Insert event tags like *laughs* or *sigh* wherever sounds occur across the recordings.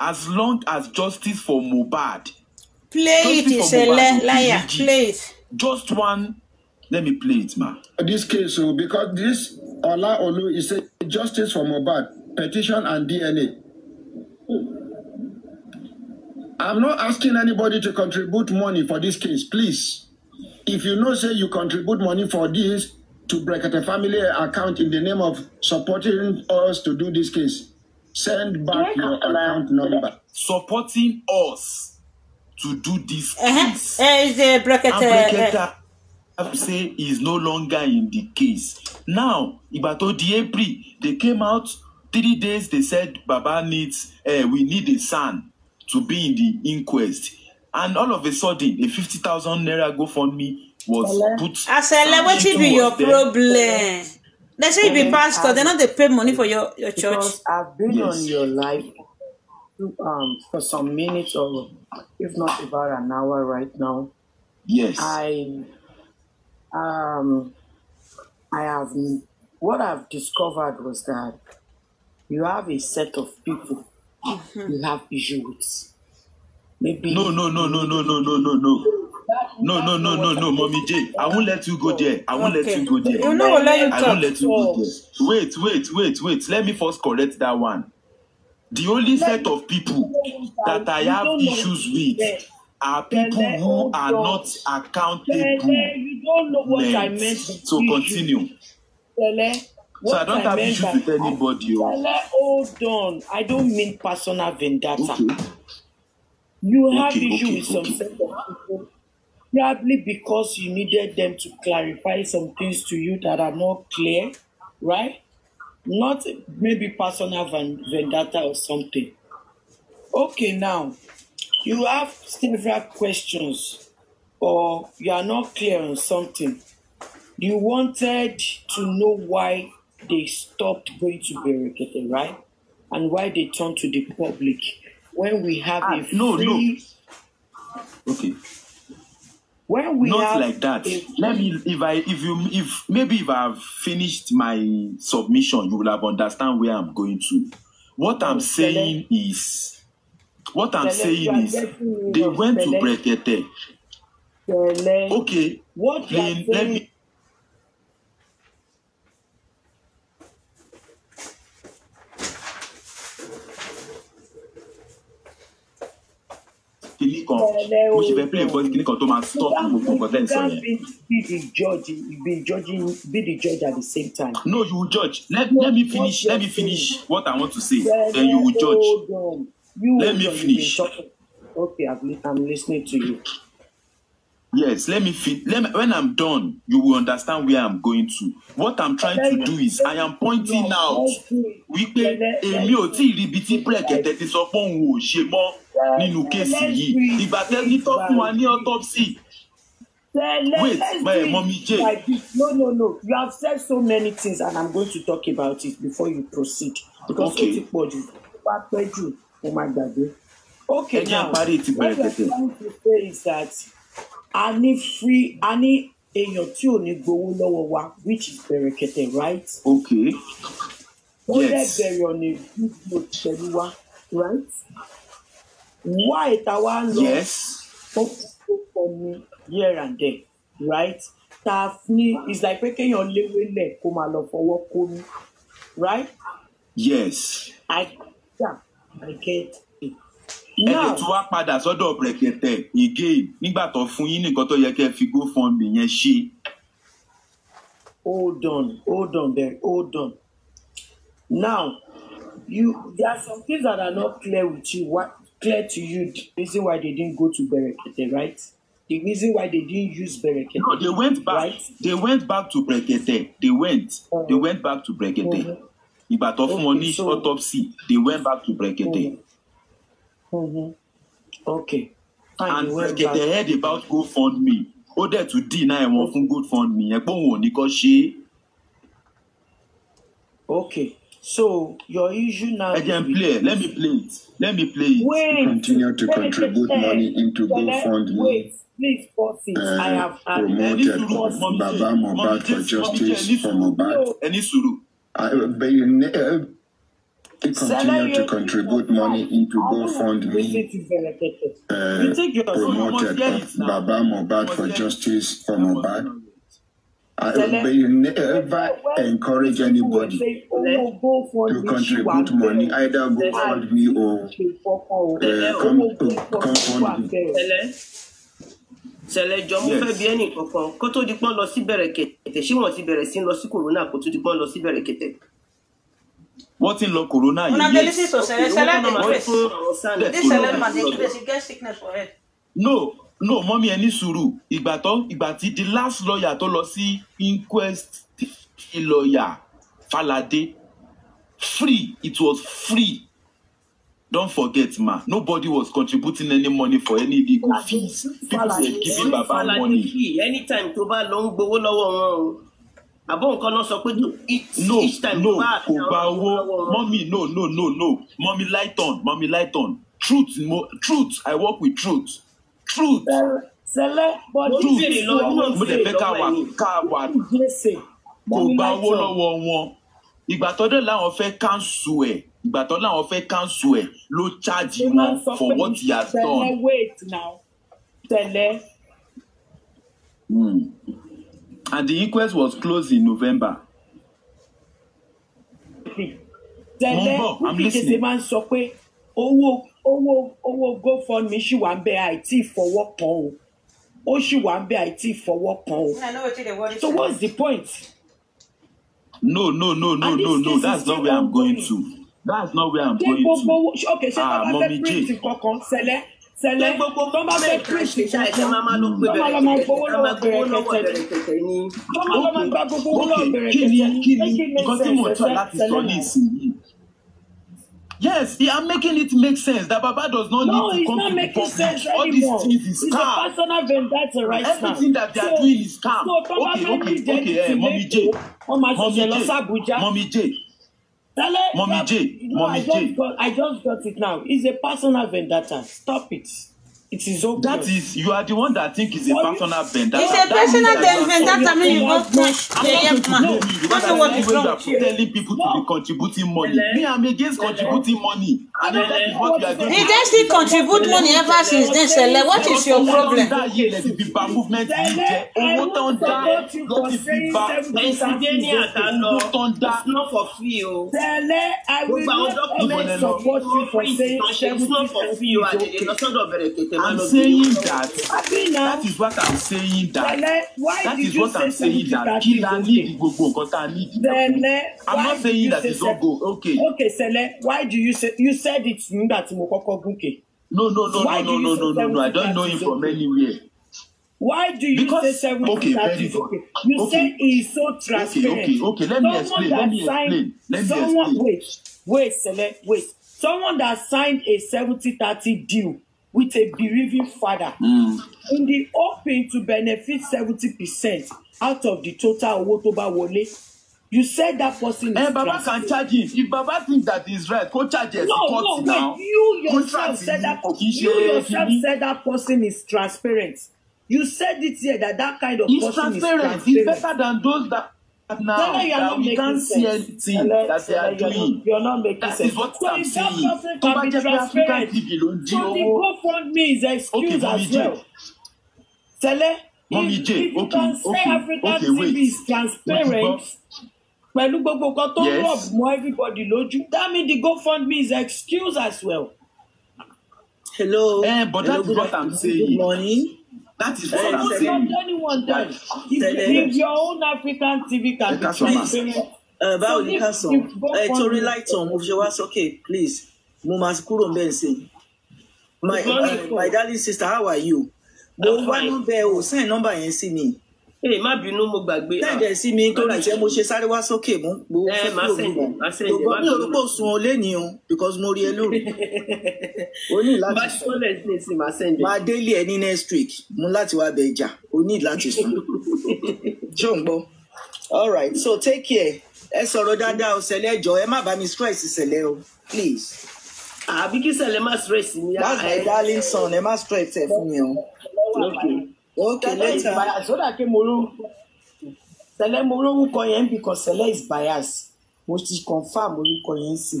as long as justice for Mohbad. Play it, Isele liar. play it. Just one. Let me play it, ma. This case, oh, because this Ola Olu is a justice for Mohbad petition and DNA. I'm not asking anybody to contribute money for this case, please. If you know, say you contribute money for this to break at a family account in the name of supporting us to do this case, send back your account number supporting us to do this. Case. Uh-huh. Eh, uh, Brekete uh, uh, say is no longer in the case. Now, ìgbà tó di April, they came out three days they said Baba needs uh, we need a son to be in the inquest. And all of a sudden, a 50,000 naira GoFundMe was put. Asele, what be your problem? They say you be pastor. They not they pay money for your your church. Because I've been yes. on your life um, for some minutes or if not about an hour right now. Yes. I um I have what I've discovered was that you have a set of people mm-hmm. you have issues Maybe no no no no no no no no no No, no, no, no, no, mommy J. I won't let you go there. I won't okay. let you go there. You know, let you talk. I won't let you go there. Wait, wait, wait, wait. Let me first correct that one. The only set of people that I have issues with are people who are not accountable. You don't know what I meant. So continue. What so I don't I have issues with anybody. Oh. hold on. I don't mean personal vendetta. Okay. You have okay, issue okay, with okay. some set of people Probably because you needed them to clarify some things to you that are not clear, right? Not maybe personal vendetta or something. Okay, now you have several questions or you are not clear on something. You wanted to know why they stopped going to barricade, right? And why they turned to the public when we have ah, a no, no. Okay when we not like that a, let me if i if you if maybe if i've finished my submission you will have understand where i'm going to what i'm mm, saying is what i'm saying is they went to brekete okay what then let me kìíní kan mo ṣe fẹ́ play voice kìíní kan tó máa stop gbogbo nǹkan tẹ́ yẹn. be the judge be judging be the judge at the same time. no you judge let, let me finish let me finish what i want to say then you will judge let me finish. okay i'm listening to you. Yes, let me fit. Let me, when I'm done, you will understand where I'm going to. What I'm trying to do is I am pointing out wípé èmi ò tí ì rí ibi tí Brekete ti sọ pé òun ò ṣe mọ́ nínú kéèsì yìí. Ìgbà tẹ́lí tó fún wa ní autopsy. Wait, my mommy J. No, no, no. You have said so many things and I'm going to talk about it before you proceed. Because okay. ti pọ̀ jù, ó bá pẹ́ jù, ó máa gbàgbé. Okay, now, what I'm trying to say is that a ní free a ní èèyàn tí ò ní gbowó lọ́wọ́ wa which is bẹ̀rẹ̀kẹ̀tẹ̀ right. Okay. yes. wọ́n dẹ̀ bẹ̀rẹ̀ ọ̀nà ìdíje pẹ̀lú wa right. wá ìta wa lọ ó kó pọ̀ ní here and there right ta ní It's like pé kéèyàn léwé lẹ̀ kó máa lọ fọwọ́ kó ní right. yes. I, yeah, I get ẹ lè tún padà sọ́dọ̀ brẹ̀kẹ̀tẹ̀ again nígbà tó fún yín nìkan tó yẹ kẹ́ fi gofundme yẹn ṣe. hold on hold on there hold on now you there are some things that are not clear with you What clear to you the reason why they didn't go to brẹ̀kẹ̀tẹ̀ right the reason why they didn't use brẹ̀kẹ̀tẹ̀. no they went back right? they went back to brẹ̀kẹ̀tẹ̀ they went uh they went back to brẹ̀kẹ̀tẹ̀ uh-huh. ìgbà tó fún wọn ní autopsy they went back to brẹ̀kẹ̀tẹ̀. uh Mm-hmm. Okay. And, and get the head about GoFundMe. Ó dẹ̀ tún deny wọn fún GoFundMe I go on because she. Okay. So your issue now. I can play. Let me play it. Let me play it. Wait. Continue to contribute money into GoFundMe. Wait. Please pause it. Uh, I have uh, promoted Baba Mohbad for justice for Any suru? I Mohbad. Ẹni sùúrù. They continue to contribute money into GoFundMe uh, promoted Baba Mobad for Justice for Mobad. I, will never encourage anybody oh, to contribute money, either GoFundMe or oh. uh, come, come ṣẹlẹ̀ jọ mo fẹ́ bi ẹnì kankan kó tó di pọn lọ sí bẹ̀rẹ̀ kẹ̀tẹ̀ ṣé wọ́n ti bẹ̀rẹ̀ sí lọ sí kòrónà kó tó di pọn lọ sí bẹ̀rẹ̀ kẹ̀tẹ̀. What in low corona? Una yes. dialysis or okay. saline matrix. This saline matrix, you get sickness for it. No, no, mọ́mí ẹ ní sùúrù. Ìgbà tó ìgbà tí the last lawyer tó lọ sí inquest lawyer Falade free it was free. Don't forget ma nobody was contributing any money for any legal fees. People were giving baba money. Anytime tó bá lọ ń àbọ̀ nǹkan lọ sọ pé no no, time no kò gba owó mọ́mí no no no no mọ́mí light on mọ́mí light on truth mo truth i work with truth truth sẹlẹ bọdú bèrè lọ́wọ́ mo lè fẹ́ ká wà ká wà kò gba owó lọ́wọ́ wọn ìgbà tọ́dọ̀ làwọn fẹ́ káńsù ẹ̀ ìgbà tọ́dọ̀ làwọn fẹ́ káńsù ẹ̀ ló chájì wọn for what he has done. tẹ̀lé wait now tẹ̀lé. Mm. And the inquest was closed in November. tẹ́lẹ̀ kúkìkèsè máa ń sọ pé owó owó owó gofundme ṣì wà ń bẹ àìtí ìfọwọ́ kan o ó ṣì wà ń bẹ àìtí ìfọwọ́ kan o so what's the point. no no no no no no that's not where i'm going to that's not where i'm going to ah mommy jane sẹlẹ gbogbo tó bá fẹ́ kírísì ṣáìṣẹ máa máa lọ pé bẹ̀rẹ̀ kẹ̀kẹ́ máa gbowó lọ́wọ́ bẹ̀rẹ̀ kẹ̀kẹ́ ni. kí ni kí ni nǹkan mo tọ́ láti sọ ní ìsinmi. Yes, they are making it make sense that Baba does not no, need to come to the public. All anymore. these things is scam. It's a personal vendetta right Everything now. that they are so, doing is scam. So, okay, okay, okay, eh, Mommy J. Mommy J. Mommy J. Mommy J, Mommy J. I just got it now. It's a personal vendetta. Stop it. It is obvious. That is, you are the one that think it's a personal vendetta. It's a personal vendetta. I mean, you both push the left man. That's what is Telling people to be contributing money. Me, I'm against contributing money. I don't like what you are doing. He then still contribute money ever since then, Sele. What is your problem? That year, let movement. Owó tó ń dá ló ti fi bá ẹ̀sìndínní It's not for free o. Oh. Sele, I will not support you for saying everything oh. is okay. I'm saying that. That is what I'm saying that. Eh, that is what I'm saying that. Kí la nídìí gbogbo because I need nídìí. Sẹ̀lẹ̀. Eh, I'm not saying that it's not go. Okay. Okay Sẹ̀lẹ̀, why do you say you said it that tí mo No no no no no no no no no I don't know him from anywhere. Why do you because, say seventy okay, that is okay? You okay. say he so transparent. Okay, okay, okay. Let someone me explain. Let me explain. Let me someone, explain. Wait, wait, Sele, wait. Someone that signed a seventy thirty deal with a bereaving father mm. in the hoping to benefit seventy percent out of the total owó tó bá wọlé you said that person eh, is eh, baba can charge him if baba think that he is right go charge him no no wait now. you yourself said that you yourself said that person is transparent you said it here that that kind of He's person transparent. is transparent he's better than those that now that, we can't see anything that they are you're doing. You're not making that sense. is what so I'm saying. Tó bá jẹ́ pé African TV ló ń di owó. So the GoFundMe is excuse as well. Tẹ́lẹ̀, if, if you can say African TV is transparent pẹ̀lú gbogbo kan tó rọ̀b mọ́ everybody lójú, that means the GoFundMe is an excuse as well. Hello. Eh, but that Good morning. That is what I'm saying. Anyone that if your own African TV can be transparent. Eh, báwo ni ká sọ? Ẹ eh, torí láìtàn mo ṣe wá sókè please mo máa kúrò ń My my darling sister how are you? Mo wá níbẹ̀ o send number yẹn sí mi ee má bínú mo gbàgbé. tẹ́jẹ̀ sí mi ah, torí ìṣẹ́ mo ṣe sáré wá sókè mú. ẹ má sẹ́yìn má sẹ́yìn má bínú. mi ò rí pò sun olé ni o because mo rí ẹ lórí. *laughs* o ní láti sùn. bá ṣọ́ lẹ́sìn ẹ̀sìn má sẹ́yìn. máa délé ẹ ní next week mú láti wá bẹ jà o ní láti sùn. jọ̀ *laughs* ń gbọ́ all right so take care ẹ sọ̀rọ̀ dáadáa o Sẹ̀lẹ̀ jọ ẹ má bá mi stress Sẹ̀lẹ̀ o please. àbí kí Sẹ̀lẹ̀ má stress mi. that's my ah, eh. darling son ẹ má stress ẹ fún mi o. okay okay later sọdà ké mo lórúkọ sẹlẹ mo lórúkọ yẹn because sẹlẹ is bias mo ti confam orúkọ yẹn sí.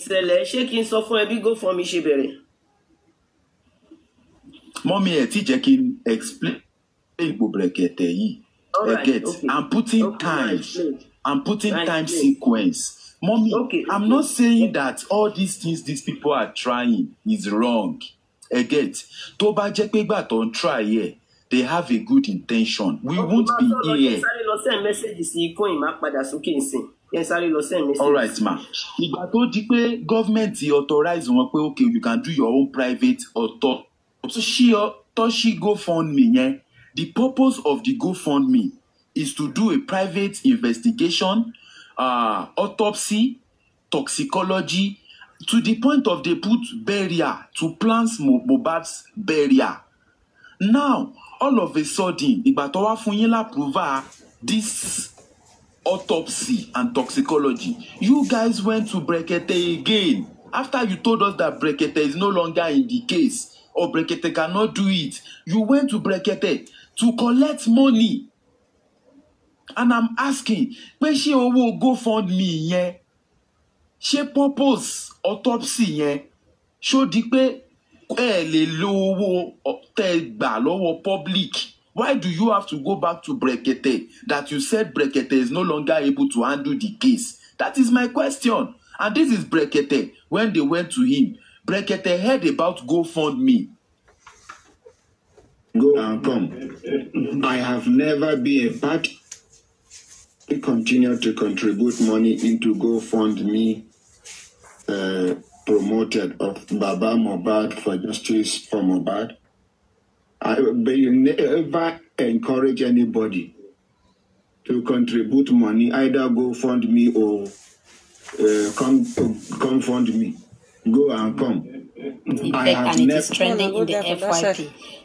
ìṣẹ̀lẹ̀ ṣé kí n sọ fún ẹbí GoFundMe ṣe bẹ̀rẹ̀. mọ́mí ẹ̀ tí jẹ́ explain ìgbò brẹ̀kẹ̀tẹ̀ yìí. right okay i'm putting okay, time i'm putting time sequence. Mommy, okay. I'm not saying that all these things these people are trying is wrong. Ẹ get tó bá jẹ́ pé gbà tó ń try ẹ̀ they have a good intention. We okay, won't be here. Ọkùnrin sáré lọ send message sí ikú ìmá padà sókè ìsìn. Yẹn sáré lọ send message. All right ma. Ìgbà tó di pé gọ́ọ̀mẹ̀ntì authorize wọn pé okay you can do your own private So she she go fund me. yẹn the purpose of the go fund me is to do a private investigation uh, autopsy, toxicology, to the point of they put barrier to plans Mohbad's barrier. Now, all of a sudden, ìgbà tó prove this autopsy and toxicology, you guys went to Brekete again after you told us that Brekete is no longer in the case or Brekete cannot do it. You went to Brekete to collect money and i'm asking pé ṣé owó me? yẹn ṣé purpose autopsy yẹn ṣó di pé ẹ lè lo owó tẹ gbà lọ́wọ́ public why do you have to go back to Brekete that you said Brekete is no longer able to handle the case that is my question and this is Brekete when they went to him Brekete heard about go me. Go and come. I have never been a part He continue to contribute money into GoFundMe uh, promoted of Baba Mobad for Justice for Mobad. I will never encourage anybody to contribute money, either GoFundMe or uh, come, come fund me. Go and come. I have and it never... is trending in the FYP.